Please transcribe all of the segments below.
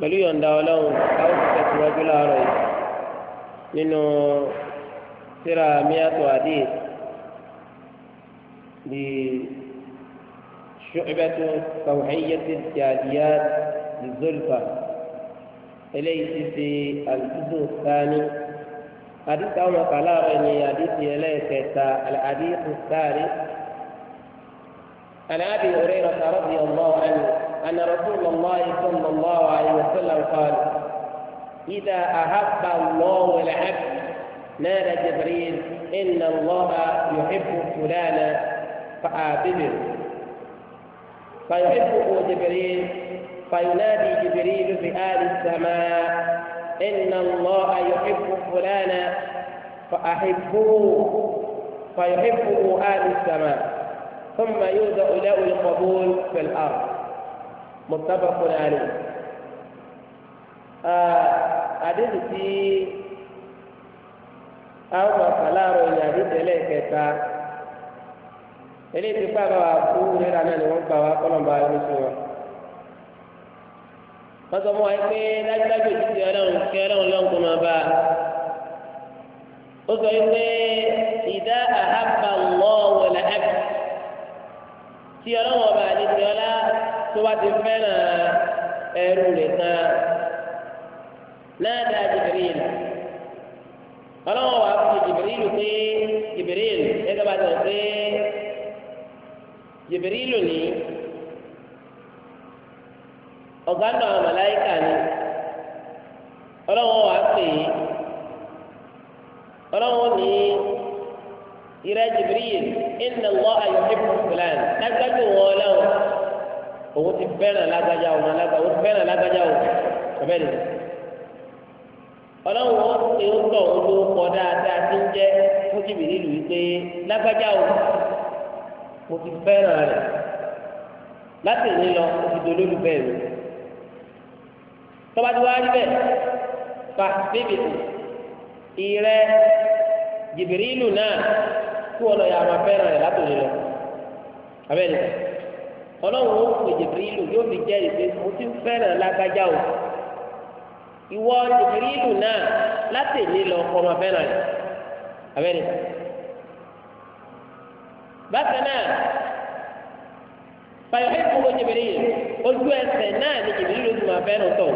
pẹ̀lú yọ̀ǹda ọlọ́run a ó ti tẹ̀síwájú láàárọ̀ yìí nínú síra miato adé di ṣùgbẹ́tò tàwùhẹ́yẹsì jàdíyà zolfa eléyìí ti ṣe àlùfíìsùn sáni àdìsá ọmọ kàláàrọ̀ ni àdìsí ẹlẹ́ẹ̀kẹta àdìsí sáni. عن ابي هريره رضي الله عنه أن رسول الله صلى الله عليه وسلم قال إذا أحب الله العبد نادى جبريل إن الله يحب فلانا فآبده فيحبه جبريل فينادي جبريل في آل السماء إن الله يحب فلانا فأحبه فيحبه آل السماء ثم يوضع له القبول في الأرض متفق عليه حديث في أو فلارو يحديث إليك eléyìí ti fáwọn àbú rírà náà ni wọn gbà wá kọlọmbà ẹlẹsìn wọn. wọ́n sọ fún wa pé dájúdájú ìdíje ọlọ́run kí ọlọ́run lọ́n kó máa bá a. ó sọ pé ìdá àhábà wọ́n wọlé ẹ̀kọ́ tí ọlọ́run ọba àlejò ọlá tó bá ti fẹ́ràn ẹrú rẹ̀ tán náà dá jìbìrìlì ọlọ́wọ́ wa fi jìbìrìlì pé jìbìrìlì ẹgbẹ́ bá tẹ̀ pé jìbìrìlì ni ọ̀gá náà àwọn màláìkà ni ọlọ́wọ́ wa pè é ọlọ́wọ́ ni ìrẹ́ jìbìrìlì inna Allah yuhibbu fulan lágbàdo wọn ọlọ́wọ́ owó ti fẹ́ràn lágbájá o lágbájá o fẹ́ràn lágbájá o ọbẹ̀ ni ọlọ́run wọn ṣe ń tọ̀ ọ́ ló kọ dáadáa tí ń jẹ́ fún jìbìrì lù yí pé lágbájá o mo ti fẹ́ràn rẹ̀ láti ní lọ mo ti dolóòlù bẹ́ẹ̀ mi tọ́ba tí wàá rí bẹ́ẹ̀ fa bébì ìrẹ́ jìbìrì lù náà kú ọ̀nà yàrá fẹ́ràn rẹ̀ látòlè lọ abẹ́rẹ́ ọlọ́run ó pè jìbìrìlù yóò fi jẹ́rìí pé mo ti ń fẹ́ràn lágbájá o ìwọ jìbìrìlù náà láti èmi lọ ọmọ fẹ́ràn rẹ̀ abẹ́rẹ́ bákan náà fàyọ̀hẹ́ ìfowó jìbìrìlù ojú ẹsẹ̀ náà ni jìbìrìlù ti máa fẹ́ràn tọ̀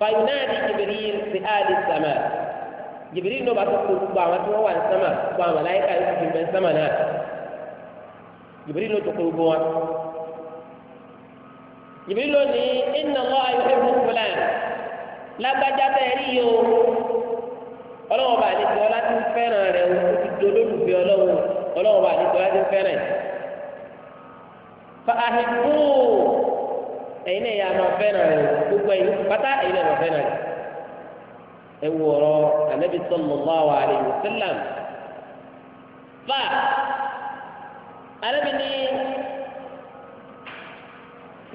fàyọ̀ náà ni jìbìrìlù ti áàdì sàmà jìbìrìlù náà bá tó kó gbogbo àwọn tí wọ́n wà ní sàmà gbogbo àwọn aláìka yóò fi bẹ́ẹ̀ sàmà náà. Jibril ló tó kó gbogbo wa Jibril ló ní inna Allah yuhibbu fulan lágbájá tẹ ẹ rí yìí o ọlọ́wọ́n bá àlejò ọlá ti ń fẹ́ràn rẹ o ó ti di olólùfẹ́ ọlọ́wọ́ ọlọ́wọ́n bá àlejò ọlá ti fẹ́ràn fa ahibbu ẹ̀yin náà yà máa fẹ́ràn rẹ gbogbo ẹ̀yin pátá ẹ̀yin náà máa fẹ́ràn rẹ ẹ wọ ọ̀rọ̀ Ànábì sallallahu alaihi wasallam fa àlẹ́bí ní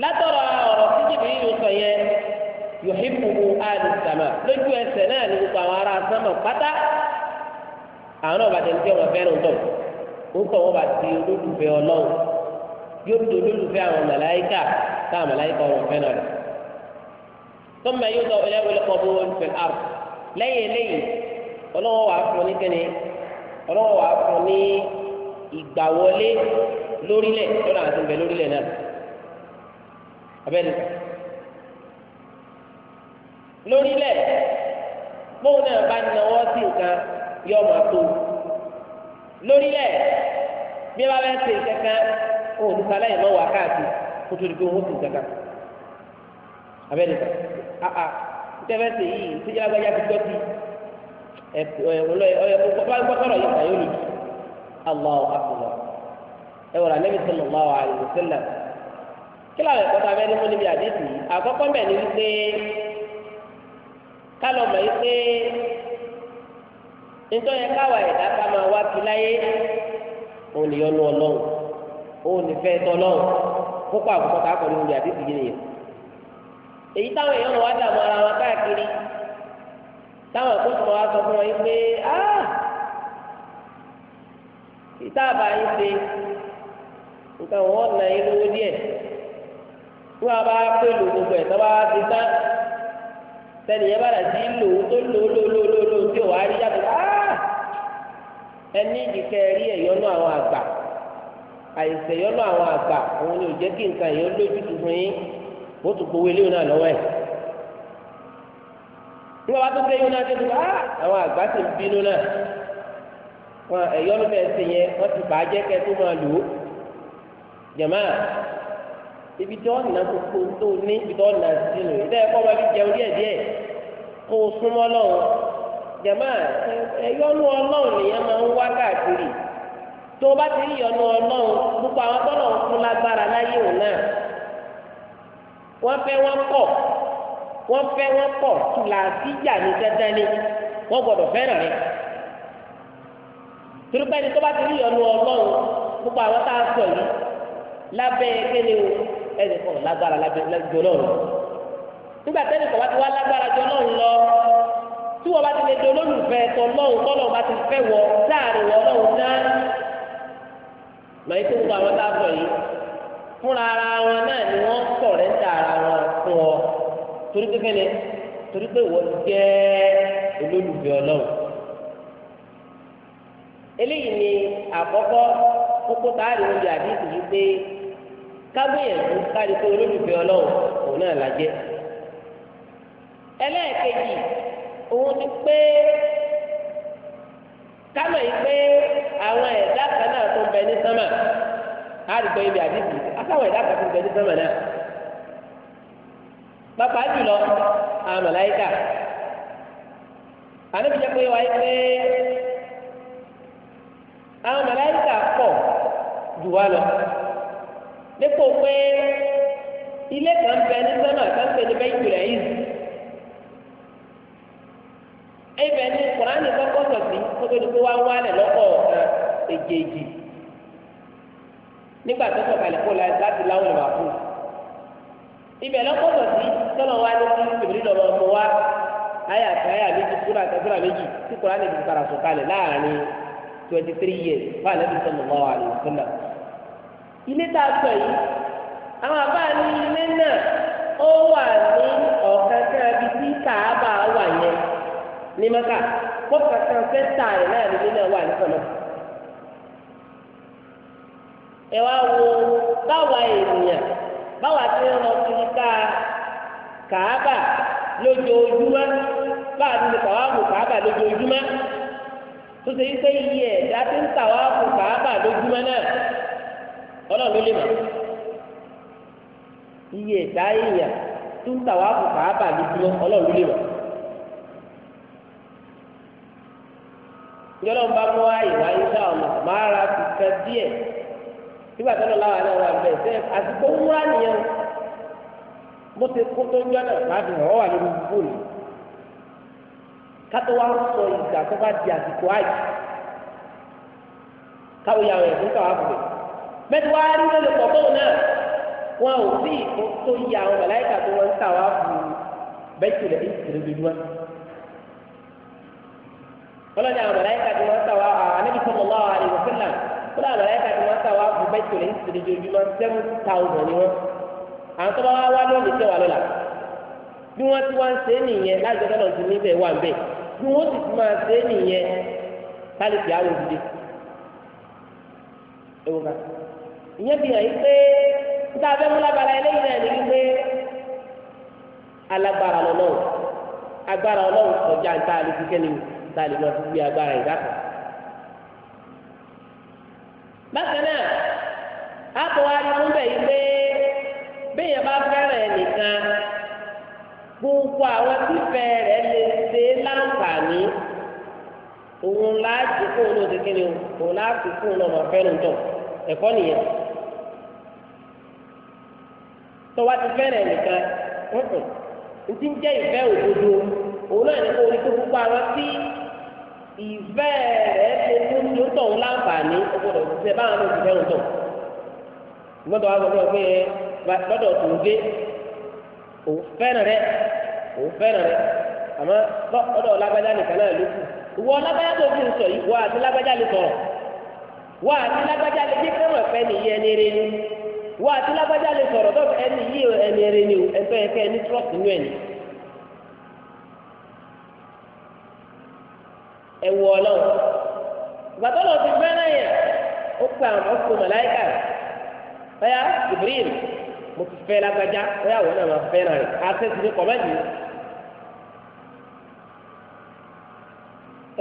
látọ̀rọ̀ ọ̀rọ̀ tí jìbìrì yóò sọ yẹ yòhìbùhù àlù sàmà lójú ẹsẹ̀ náà ní gbogbo àwọn ará sàmà pátá àwọn náà bàtẹ́ níbi ọmọ fẹ́ràn tó ń tọ̀ wọ́n bá ti olólùfẹ́ ọlọ́run yóò di olólùfẹ́ àwọn màláíkà táà màláíkà ọmọ fẹ́ràn rẹ̀ tó mẹ́ yóò tọ́ ilé ìwé kọ́bó fẹ́ àrù lẹ́yìn eléyìí ọlọ́wọ́ wàá fún ní kíni ọlọ́wọ́ wàá fún ní ìgbàwọlé lórílẹ̀ lọ́dọ̀ àti ìbẹ̀ lórílẹ̀ náà abẹ́ni lórílẹ̀ bóun náà bá nawọ́ sí nǹkan yọ ọmọ tó lórílẹ̀ bí wọ́n bá ṣe kankan òun ní sálẹ̀ yìí mọ́ wá káàkiri kó tó di pé wọ́n sì kankan abẹ́ni àà tẹ́fẹ́ sèyí tíjára gbájá ti gbọ́ sí ẹ̀ ẹ̀ ọ̀lọ́ ẹ̀ ọ̀yọ́ kó bá gbọ́ sọ̀rọ̀ yìí kà yóò lò jù. Allahu akbar ẹ wọ̀rọ̀ Ànábì sallallahu alaihi wasallam kílà rẹ̀ kọ́ta bẹ́ẹ̀ ni mo níbi àdéhùn yìí àkọ́kọ́ mẹ́ ni wípé kálọ̀ mọ̀ wípé nítorí káwa ẹ̀dá ká máa wá kí láyé òun lè yọnu ọlọ́run òun lè fẹ́ tọ́lọ́run kópa àkọ́kọ́ tá a kọ́ ní níbi àdéhùn yìí nìyẹn èyí táwọn èèyàn wá dààmú ara wọn káàkiri táwọn àkóso wọn wá sọ fún wọn yìí pé áà. táàbà yín ṣe nǹkan wọn nà yín lówó wọn a bá pèlò gbogbo ẹ tọ́ba ti tán sẹ́niyẹ́ bá dà sí lò ó tó lò ó lò ó lò ó lò ó tí ò wá rí yàtọ̀ ah! ẹni ìdíkẹ́ rí ẹ̀yọ́nú àwọn àgbà àìsè yọnu àwọn àgbà òun ni ò jẹ́ kí nǹkan yẹn lójú tuntun yín ó tún gbowó eléyìí náà lọ́wọ́ ẹ̀. nígbà wàá tó náà ah! wọn ẹ̀yọ́ ló fẹ́ ṣe yẹn wọ́n ti bàá jẹ́ kẹ́ tó máa lò ó jẹ̀mọ́ ibi tí wọ́n nà gbogbo tó ní ibi tí wọ́n nà sí nù ilé ẹ̀kọ́ máa fi jẹun díẹ̀ díẹ̀ kó o súnmọ́ lọ́wọ́ jẹ̀mọ́ ẹ̀yọ́nú ọlọ́run nìyẹn máa ń wá káàkiri tó o bá ti rí ìyọ́nú ọlọ́run gbogbo àwọn tọ́lọ̀ ń fún lágbára láyé òun náà wọ́n fẹ́ wọ́n pọ̀ wọ́n fẹ́ wọ́n pọ̀ tùlà síjà ní dandan ni wọ́n gbọ́dọ̀ fẹ́ràn rẹ̀ tìrúpẹ́ ni tó bá ti rí ìyọnu ọlọ́run gbogbo àwọn tá a sọ yìí lábẹ́ kéde o ẹnì kan lágbára lábẹ́ jọ lọ́run nígbà tẹ́nì kan bá ti wá lágbára jọ lọ́run lọ tí wọ́n bá ti lè do olólùfẹ́ tọ́ lọ́run tọ́ lọ́run bá ti fẹ́ wọ láàrin wọ lọ́run náà lọ́yìn tó gbogbo àwọn tá a sọ yìí fúnra ara wọn náà ni wọ́n sọ̀ rẹ̀ ń da ara wọn fún ọ torí pé kẹ́ni torí pé wọ́n eléyìí ni àkọ́kọ́ kókó tá a lè oúnjẹ àdéhùn yìí pé kábíyèsí kárí pé olólùfẹ́ ọlọ́run òun náà la jẹ́ ẹlẹ́ẹ̀kejì òun ni pé kámọ̀ yìí pé àwọn ẹ̀dá kan náà tó ń bẹ ní sánmà ibi àdéhùn àtàwọn ẹ̀dá kan tó ń bẹ ní sánmà náà pàápàá jùlọ àwọn màláìkà pọ̀ jù wá lọ dípò pé ilé kan bẹ ní sẹ́mà kan ṣe ní bẹ́ẹ̀ ìpìlẹ̀ yìí ẹ̀bẹ̀ ní kùránì kọ́kọ́ sọ̀tì kótó ni kó wá ń wálẹ̀ lọ́kọ̀ èjèèjì nígbà tó sọ̀kalẹ̀ kó láti láwọn ìwà fún un ibẹ̀ lọ́kọ̀ sọ̀tì tọ́lọ̀ wá ní kí tòmílì lọ́mọ ọmọ wa ayà àti ayà méjì súrà àti súrà méjì tí kùránì ti fara sọ̀kalẹ̀ láàrin twenty three years fún àlẹ́bí sọ̀rọ̀ lọ́wọ́ àlè ìfúnná. ilé tá a sọ yìí àwọn àbá ní ilé náà ó wà ní ọ̀kánkán bíi tí kàábà wà yẹn ní maka kó kankan fẹ́ tà rẹ̀ náà nílé náà wà ẹ wá wo báwa ènìyàn báwa ti ń lọ ká lójoojúmọ́ báwa ti ń lọ lójoojúmọ́. tó ṣe yíṣẹ́ iye ẹ̀dá tí ń tà wá fún kàábà lójúmọ́ náà ọlọ́run ló lè mọ̀ iye ẹ̀dá èèyàn tí ń tà wá fún kàábà lójúmọ́ ọlọ́run ló lè mọ̀. ìjọlọ́run bá mú àyè wá iṣẹ́ ọ̀nà máa ra kìkan díẹ̀ nígbà tó lọ láwa náà wà bẹ́ẹ̀ sẹ́ẹ̀ àti kó wúrà nìyẹn bó ṣe kó tó ń jọ náà má wà lórí fóònù kátó wá sọ ìgbà tó bá di àsìkò àjì káwé yàwó ẹ̀ fún káwá fún mi mẹ́tò wá rí lọ́lẹ̀ pọ̀ tóun náà wọn ò sí ìfún tó yí àwọn màláìkà tó wọn ń káwá fún bẹ́tù lẹ́ ìsìnkiri bí wọn. ọlọ́ni àwọn màláìkà tó wọn ń káwá ànábi sallallahu alaihi wasallam kúrò àwọn màláìkà tó wọn káwá fún bẹ́tù lẹ́ ìsìnkiri wọn seven thousand ni wọn. àwọn tó bá wá wá lónìí tẹ́wàá lọ́la bí wọ́n ti bí wọ́n sì ti máa ṣe é nìyẹn kálífì àwọn ewu ká ìyẹn fi hàn pé níta abẹ́ mú lágbára eléyìí náà ní wípé alágbára lọ́wọ́ agbára ọlọ́run kọjá níta àlejò kẹ́ni a kò wá rí fún bẹ́ẹ̀ yí pé bẹ́ẹ̀ yẹn gbogbo àwọn fífẹ́ rẹ̀ lè ṣe láǹfààní òun láti kó òun kí ni òun láti kó ọmọ fẹ́ràn ẹ̀kọ́ nìyẹn tó wá ti fẹ́ràn nìkan ọ̀hún ntí ń jẹ́ ìfẹ́ òdodo òun náà ní kó o ní kó gbogbo àwọn tí lè láǹfààní báwọn ló ti òun fẹ́ràn rẹ òun fẹ́ràn rẹ àmọ́ bọ́ ọ̀dọ̀ lágbájá nìkan náà ló kù ìwọ lágbájá tó fi ń sọ yìí wà á ti lágbájá lè sọ̀rọ̀ wà á ti lágbájá lè dé kẹ́rọ̀ ẹ̀fẹ́ nìyí ẹni rẹ ni wà á ti lágbájá lè sọ̀rọ̀ tó ẹni yí ẹni rẹ ni o ẹ̀fẹ́ ẹ̀fẹ́ ẹni trọ́ọ̀tì nú ẹni. ẹ wọ Ọlọ́run ìgbàdàn lọ ti fẹ́ràn yẹn ó pa àwọn ọkùnrin màláìkà báyà Ibrahim mo ti fẹ́ lágbájá ó yà wọ́n náà máa fẹ́ náà rẹ̀ àṣẹ́sì ní kọ̀mẹ́tì.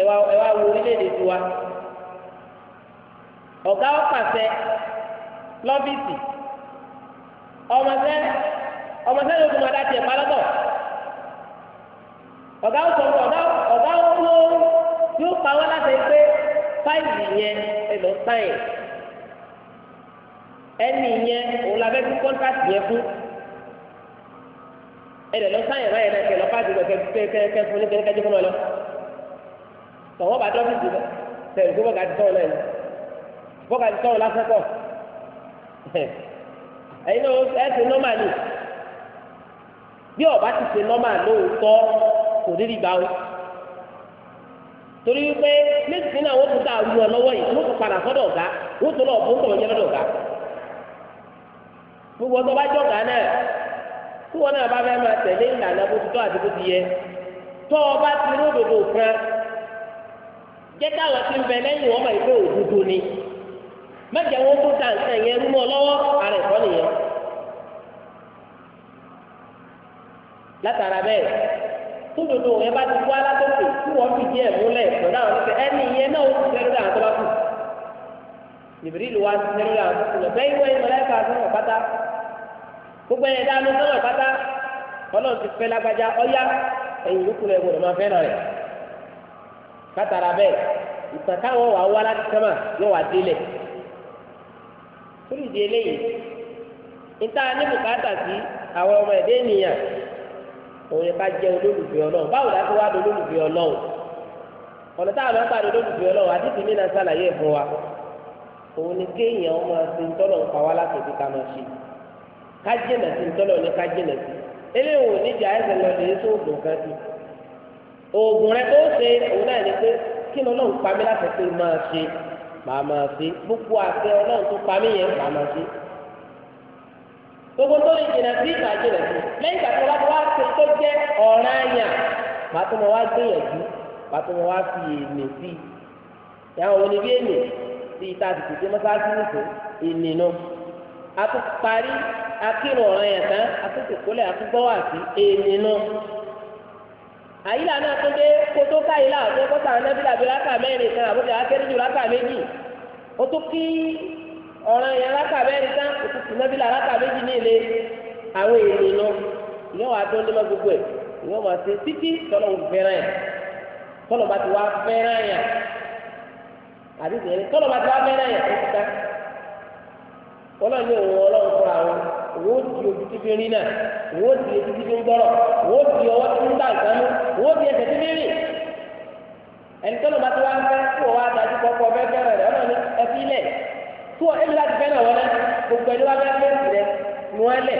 ẹ wá ẹ wá wo orílẹ̀-èdè tiwa ọ̀gá ọ̀pàṣẹ lọ́fíìsì ọmọṣẹ́ ọmọṣẹ́ ló fún ọ̀dà tiẹ̀ pálọ́tọ̀ ọ̀gá ọ̀sọ̀ ọ̀gá ọ̀gá ọ̀wọ́ yóò pa wọ́n láti pé fáìlì yẹn ẹ lọ sáyẹn. ẹni yẹn òun la fẹ́ fi kọ́ńtàtì yẹn fún ẹ̀rẹ̀ lọ sáyẹn báyẹn náà kẹlọ káàdì lọ kẹkẹkẹ fún ní kẹkẹjẹ fún ọ lọ tọwọ́ bá dọ́fíìsì lọ tẹ̀lé tó bọ́gà tọ́ tọ́ ọba ti ṣe nọ́mà lóòótọ́ kò ní torí pé méjì àwọn òkúta àwọn yìí wọ́n gbogbo ọtọ bá jọ gaa naa wọn náà bá fẹ́ máa tẹ̀lé ìlànà bó ti tọ́ àti bó ti yẹ tọ́ ọ bá ti ródòdò kan jẹ́ káwọn ti ń bẹ lẹ́yìn wọn ni mẹ́jẹ̀ wọn kó ta nke yẹn mú ọ ara nìyẹn látara yẹn bá ti wọ́n fi díẹ̀ múlẹ̀ ẹni yẹn náà ó ti ti gbogbo ẹ̀yẹ dáa ló sọ́nà pátá ọlọ́run ti fẹ́ lágbájá ọ̀yá ẹ̀yìn ìlú kúrò ẹ̀wọ̀n máa fẹ́ràn rẹ̀ látara bẹ́ẹ̀ ìtàn táwọn wà wá láti sẹ́mà yóò wá délẹ̀ eléyìí níta ní bùkátà sí àwọn ọmọ ènìyàn òun ká jẹ́ olólùfẹ́ ọlọ́run wa òun ni kéèyàn ọmọ ẹ̀sìn tọ́lọ̀ ń pa kájìnà sí ntọ́lọ̀ ní kájìnà sí eléyìí wò níjà ẹsẹ̀ lọ lè so oògùn kan sí oògùn rẹ tó ṣe òun náà ní pé kí ni ọlọ́run pa mí láti pé máa ṣe màá máa ṣe gbogbo àti ọlọ́run tó pa mí yẹn màá máa ṣe gbogbo tó lè jìnà sí màá jìnà sí lẹ́yìn ìgbà tó wá tó wá ṣe tó jẹ́ ọ̀ràn àyàn màá tó mọ wá gbìyànjú màá tó mọ wá fi èmi sí i àwọn oníbí èmi sí ìta àtìkù tí mọ́sáàsì nìkan èmi náà akírun ọ̀ràn yẹn tán àtúntò kólẹ̀ àtúgbọ́ wà si èèyàn náà. àyílà náà tún dé kótó káyílà ọ̀sẹ̀ kọ́tà anábìlà bíi rákà mẹ́rin kan àbúrò akẹ́rẹ́ ju rákà méjì ó tún kí ọ̀ràn yẹn rákà mẹ́rin tán kò tún la rákà méjì ní ilé àwọn èèyàn náà ìyẹn wàá tó ń dẹ́mọ́ gbogbo ẹ̀ ìyẹn wàá ṣe títí tọ́lọ́ fẹ́ràn yẹn tọ́lọ́ bá ti wá fẹ́ràn yẹn àdìsẹ́ yẹn tọ́lọ́ bá ti wá fẹ́ràn yẹn ó ti ká ọlọ́run yóò wọ ọlọ́run fúnra wọn wọ́n di ojú títí rí náà wọ́n di etí títí ń gbọ́rọ̀ wọ́n di ọwọ́ tí ń tà ìsánú wọ́n di ẹsẹ̀ títí rí ẹni tọ́lọ̀ bá ti wá ń fẹ́ kó o wá dájú kọ́kọ́ bẹ́ẹ̀ fẹ́ràn rẹ̀ ọ̀nà ni ẹ fi lẹ̀ tó ẹni láti fẹ́ràn wọn náà gbogbo ẹni wá fẹ́ fẹ́ràn rẹ̀ nu ẹ lẹ̀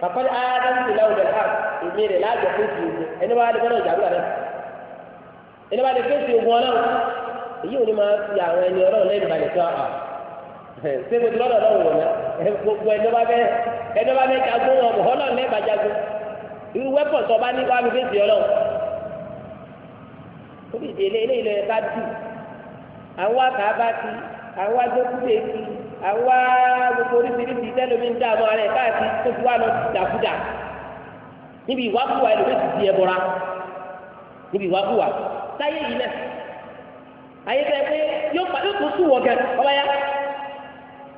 pàpàlí adáǹtì láwùjọ ha èmi rẹ̀ láàjọ fèsì ogun ẹni wá lè fẹ́ràn ìjàmbá náà ẹni wá lè fèsì ogun ọlọ́run èyí ò ní máa fi àwọn ẹni ọlọ́run lẹ́yìn ìbàlẹ̀ tó àwọn ṣé mo ti lọ́dọ̀ ọlọ́run wọ̀ náà gbogbo ẹni bá bẹ ẹni bá bẹ jagun wọn bọ̀ ọlọ́run jagun irú wẹ́pọ̀n tó bá ní wàá fi fèsì ọlọ́run ó fi eléyìí lọ ẹ̀ka dù àwọn àkàbà ti àwọn ti àwọn gbogbo oríṣiríṣi ń káàkiri tó fi lọ dàkúdà níbi ti níbi táyé yìí ayé pé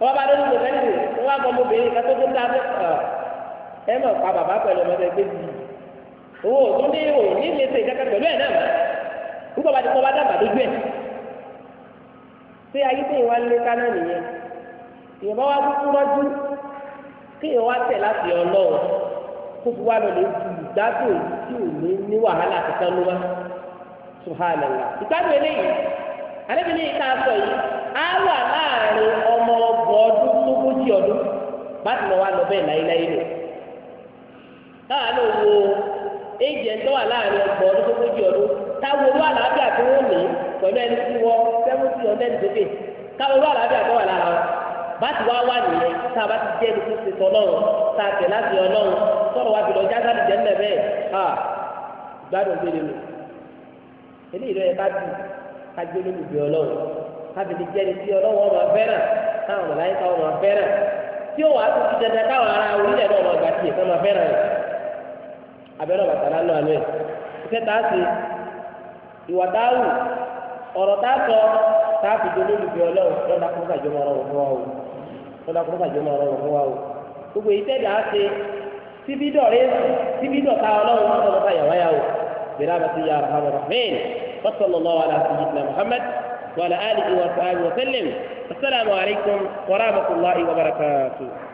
wọ́n bá lórí ìgbésẹ̀ nìyí wọ́n bá gbọ́ ọmọbìnrin kan tó tó ta ẹ mọ̀ pa bàbá pẹ̀lú ọmọdé gbé bi owó tó ní ìwò ní ilé ṣe ìjẹ́ká pẹ̀lú ẹ̀ náà púpọ̀ bá ti kọ́ bá dàgbà lójú ẹ̀ ṣé ayé tí ìwà lé ká náà nìyẹn ìyẹn bá wá kúkú rọ́jú kí ìyẹn wá tẹ̀ láti ọlọ́run kó fi wá lọ lè ju ìgbádùn tí ò ní ní wàhálà kankan ló wá subhanallah ìgbádùn eléyìí alẹ́ mi ní ìka sọ yìí á wà láàrin ọ ọgbọ̀n ọdún sógójì ọdún bá ti lọ lọ bẹ́ẹ̀ láyéláyé lò káàánú wo wà láàrin ọgbọ̀n ọdún sógójì ọdún táwọn olú àlàáfíà tó wọ́n ní pẹ̀lú ẹni tí wọ́n sẹ́fúntì ọ̀dẹ́ni tókè káwọn olú àlàáfíà tó wà lára wọn wà nìyẹn bá ti sọ láti táwọn mọ̀láyíká ọmọ fẹ́ràn tí ó wàá tó ti dandan káwọn ará orílẹ̀ náà ọmọ ìgbà tiẹ̀ sọ́mọ fẹ́ràn rẹ̀ abẹ́rẹ́ bàtà lánàá àná ẹ̀ iṣẹ́ tá a ṣe ìwà tá a wù ọ̀rọ̀ tá a sọ tá a fi dodo lùfẹ́ ọlọ́run lọ́dà kó sàjọ́ mọ́ ọ̀rọ̀ fún wa o lọ́dà kó sàjọ́ mọ́ ọ̀rọ̀ fún wa o gbogbo iṣẹ́ وعلى آله وصحبه وسلم السلام عليكم ورحمة الله وبركاته